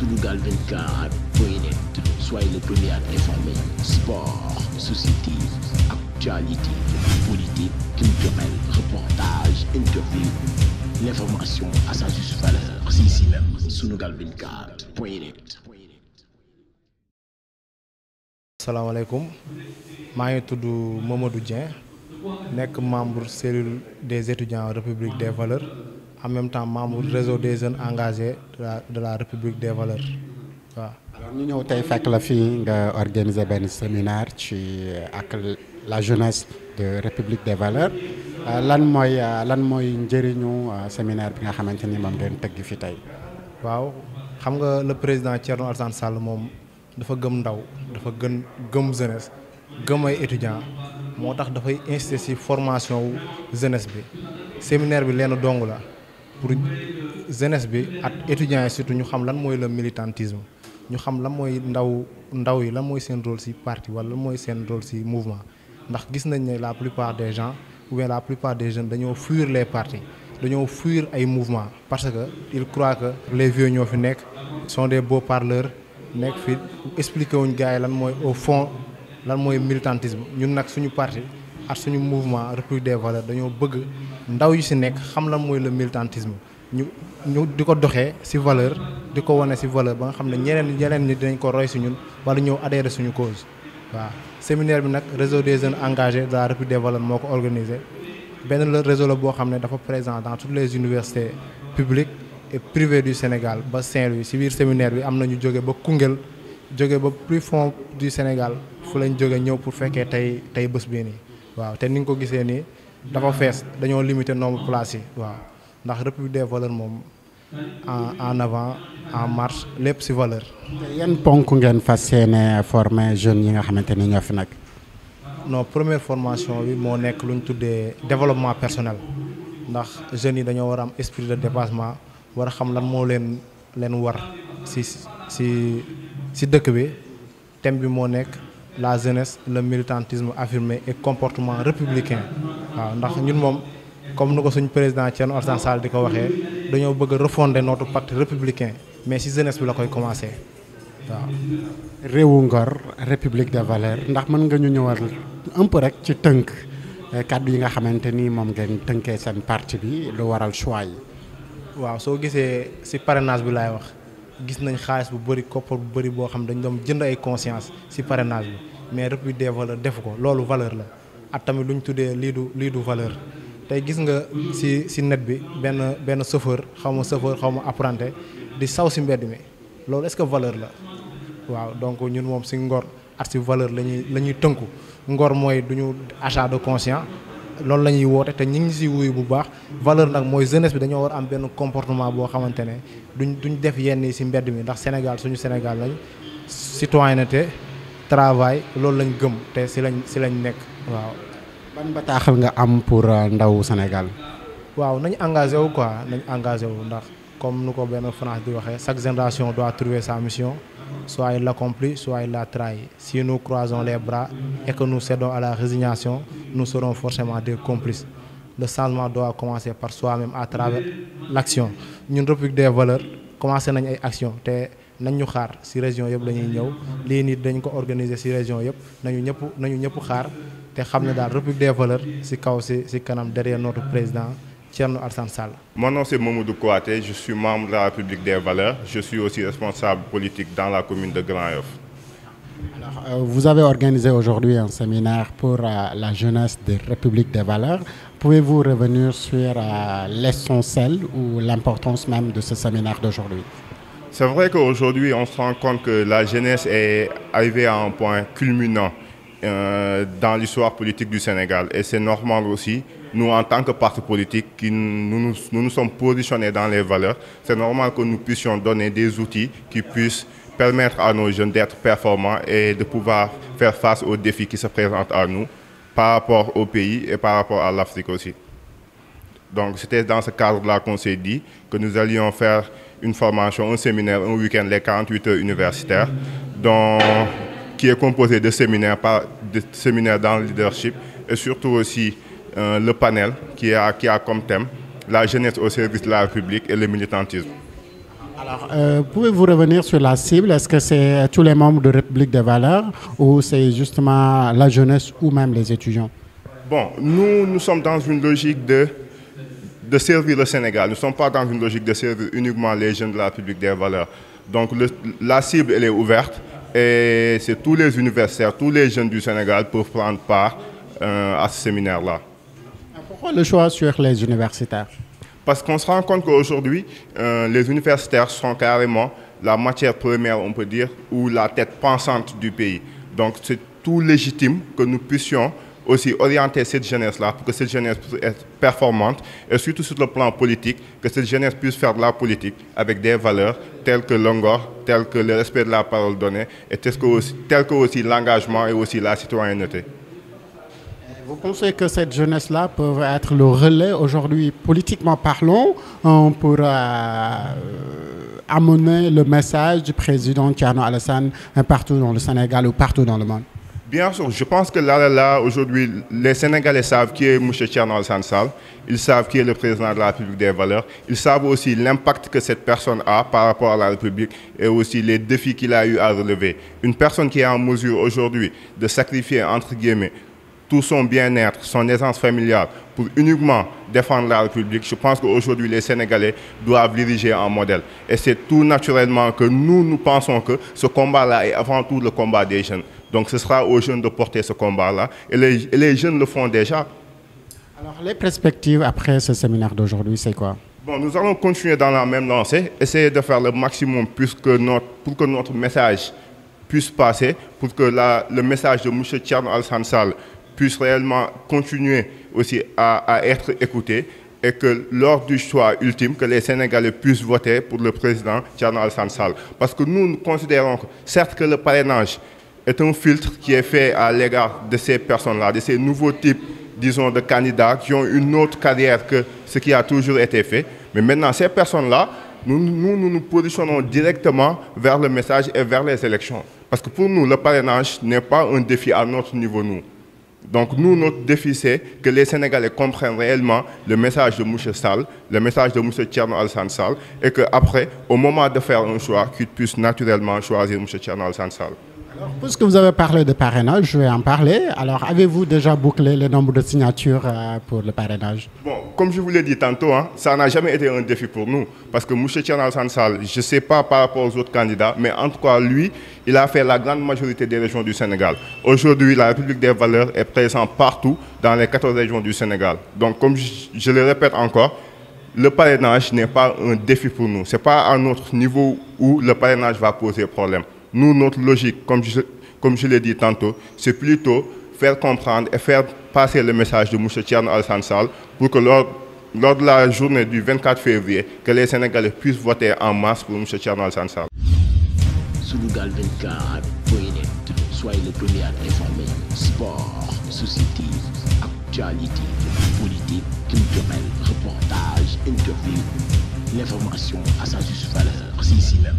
Sunugal 24 point net soyez le premier à informer sport société actualité politique culturelle reportage interview l'information à valeur c'est ici même Sunugal 24 point net. asalaamaaleykum maa ngi tudd Mamadou Dieng nekk membre cellule des étudiants République des valeurs. en même temps membre réseau des jeunes engagés de la de République des valeurs waa ñu ñëw tey fekk la fi nga organiser benn séminaire ci euh, ak la jeunesse de République des valeurs euh, lan mooy euh, lan mooy njëriñu séminaire bi nga xamante ni moom ngeen tëgg fi tey. waaw xam nga le président Thierno Alassane Sall moom dafa gëm ndaw dafa gën gëm jeunesse gëm ay étudiants moo tax dafay insister ci formation wu jeunesse bi séminaire bi leen dong la. pour jeunesse bi ak étudiants yi surtout ñu xam lan mooy le militantisme ñu xam lan mooy ndaw ndaw yi lan mooy seen rôle ci parti wala lan mooy seen rôle ci mouvement ndax gis nañ ne la plupart des gens ou bien la plupart des jeunes dañoo fuir les partis dañoo fuir ay mouvement parce que il croient que les vieux ñoo fi nekk sont des beaux parleurs nekk fi expliqué wuñ gars yi lan mooy au fond lan mooy militantisme ñun nag suñu parti ak suñu mouvement République des valeurs dañoo bëgg ndaw yu si nekk xam lan mooy le militantisme ñu ñu di ko doxee si valeur di ko wane si valeur ba nga xam ne ñeneen ñeneen ñi dinañ ko roy si ñun wala ñëw adhéré suñu cause waaw séminaire bi nag réseau des jeunes engagés de la République des moo ko organisé benn la réseau la boo xam ne dafa présent dans toutes les universités publiques et privées du Sénégal ba Saint-Louis si biir séminaire bi am na ñu jóge ba Koungheul jóge ba plus fond du Sénégal fu lañ jóge ñëw pour fekkee tey tey bés bii ni nga ko gisee dafa fees dañoo limité nombre place yi waaw ndax république des valeurs moom en en avant en marche lépp si valeur. yan ponk ngeen fas yéene former jeunes yi nga xamante ni ñoo fi nag. non première formation bi moo nekk lu ñu tuddee développement personnel ndax jeunes yi dañoo war am esprit de dépassement war a xam lan moo leen leen war si si si dëkk bi thème bi moo nekk la jeunesse le militantisme affirmé et comportement républicain. waaw ndax ñun moom comme nu ko suñ président Thierno Alassane Sall di ko waxee dañoo bëgg a nootu notre parti républicain mais si jeunesse bi la koy commencé waaw. réewu ngor république de valeur ndax mën nga ñu ñëwal un rek ci tënk eh, kàddu yi nga xamante ni moom ngeen tënkee seen parti bi lu waral choix yi. waaw soo gisee si parrainage bi laay wax gis nañ xaalis bu bëri koppar bu bëri boo xam dañu doom jënd ay conscience si parrainage bi mais république des valeurs defu ko loolu valeur la. at tamit lu ñu tuddee lii du lii du valeur tey gis nga si si net bi benn benn chauffeur xaw ma chauffeur xaw ma apprenti di saw si mbedd mi loolu est-ce que valeur la waaw donc ñun moom si ngor at si valeur la ñuy la ñuy tënku ngor mooy du ñu achat de conscience loolu la ñuy woote te ñu ngi si wuyu bu baax valeur nag mooy jeunesse bi dañoo war am benn comportement boo xamante ne duñ duñ def yenn yi si mbedd mi ndax Sénégal suñu Sénégal lañ citoyenneté travail loolu lañ gëm te si lañ si lañ nekk waaw ban bataaxal nga am pour euh, ndaw Sénégal. waaw nañ engagé wu quoi nañ engagé wu ndax comme nu ko benn France di waxee chaque génération doit trouver sa mission soit il l'accomplit soit il la trahit si nous croisons les bras et que nous à la résignation nous serons forcément des complices le changement doit commencer par soi-même à travers l'action ñun République des valeurs commencé nañu ay action te nañ ñu xaar si région yëpp la ñëw lii nit dañ ko organiser si région yëpp nañu ñëpp nañu ñëpp xaar te xam ne daal République des valeurs si kaw si si kanam dere notre président Thierno Alassane Sall. Mon nom c'est Mamoudou Kouaté, je suis membre de la République des valeurs, je suis aussi responsable politique dans la commune de Grand-Yoff. Alors, euh, vous avez organisé aujourd'hui un séminaire pour euh, la jeunesse des Républiques des valeurs. Pouvez-vous revenir sur euh, l'essentiel ou l'importance même de ce séminaire d'aujourd'hui C'est vrai qu'aujourd'hui, on se rend compte que la jeunesse est arrivée à un point culminant dans l'histoire politique du Sénégal. Et c'est normal aussi. tant que parti politique, qui nous, nous nous sommes dans les valeurs, c'est normal que nous puissions donner des outils qui puissent permettre à nos jeunes d'être performants et de pouvoir faire face aux à nous par rapport et dans ce cadre-là qu'on s'est dit que nous formation, un un week-end, les 48 heures universitaires, dont, qui est de séminaires, par, de séminaires dans le leadership surtout euh, a, qui a comme thème la jeunesse au service la République Alors, euh, pouvez-vous revenir sur la cible Est-ce que c'est tous les membres de République des valeurs ou c'est justement la jeunesse ou même les étudiants Bon, nous, nous sommes dans une logique de, de servir le Sénégal. Nous ne sommes pas dans une logique de servir uniquement les jeunes de la République des valeurs. Donc, le, la cible, elle est ouverte et c'est tous les universitaires, tous les jeunes du Sénégal pour prendre part euh, à ce séminaire-là. Pourquoi le choix sur les universitaires Parce qu'on se rend compte qu'aujourd'hui, euh, les universitaires sont carrément la matière première, on peut dire, ou la tête pensante du pays. Donc c'est tout légitime que nous puissions aussi orienter cette jeunesse-là pour que cette jeunesse puisse être performante et surtout sur le plan politique, que cette jeunesse puisse faire de la politique avec des valeurs telles que l'engor, telles que le respect de la parole donnée et telles que aussi, tel que aussi l'engagement et aussi la citoyenneté. Vous pensez que cette jeunesse-là peut être le relais aujourd'hui, politiquement parlant, euh, pour euh, amener le message du président Tiano Alassane partout dans le Sénégal ou partout dans le monde je pense que là, là, là aujourd'hui, les Sénégalais savent qui est M. Tcherno Sansal, ils savent qui est le président de la République des valeurs, ils savent aussi l'impact que cette personne à la République et aussi les défis qu'il a eu à relever. Une personne qui est en mesure aujourd'hui de sacrifier, entre guillemets, tout son bien-être, son aisance familiale, pour uniquement défendre la République, je pense qu'aujourd'hui, les Sénégalais doivent diriger un modèle. Et c'est tout naturellement que nous, nous pensons que ce combat-là est avant tout le combat des jeunes. Donc ce sera aux jeunes de porter ce combat-là. Et les, et les jeunes le font déjà. Alors les perspectives après ce séminaire d'aujourd'hui, c'est quoi nous allons continuer dans la même lancée, essayer de faire le message puisse passer, pour que la, le message de M. Tchern al puisse réellement continuer aussi à, à être écouté et que lors du choix ultime, que les Sénégalais puissent voter pour le président Tcherno Al Sall. Parce que nous, nous considérons que, certes que le parrainage est un filtre qui est fait à l'égard de ces personnes-là, de ces nouveaux types, disons, de candidats qui ont une autre carrière que ce qui a toujours été fait. Mais maintenant, ces personnes-là, nous, nous, positionnons directement vers le message et vers les élections. que pour nous, le parrainage n'est pas un défi à Donc nous, notre défi, c'est que les Sénégalais comprennent réellement le message de M. Sall, le message de M. Tcherno Al-San Sall, et qu'après, au moment de faire un choix, qu'ils puissent naturellement choisir M. Tcherno Al-San Sall. Alors, puisque vous avez parlé de parrainage, je vais en parler. Alors, avez-vous déjà bouclé le nombre de signatures euh, pour le parrainage Bon, comme je vous l'ai dit tantôt, n'a jamais été un défi pour nous. Parce que M. Tiana Sansal, je ne sais pas par rapport aux autres candidats, mais en tout cas, lui, il a fait la grande majorité des régions du Sénégal. Aujourd'hui, la République des valeurs est présente partout dans les régions du Sénégal. Donc, comme je, je le répète encore, le parrainage n'est pas un défi pour nous. Ce n'est pas à notre niveau où le parrainage problème. Nous, notre logique, comme je, comme je l'ai dit tantôt, c'est plutôt faire comprendre et faire passer le message de M. Tchern Al-Sansal pour que lors, lors, de la journée du 24 février, que les Sénégalais puissent voter en masse pour M. Tchern Al-Sansal. Soyez chronique culturelle, reportage, interview. L'information à sa juste valeur, c'est ici même,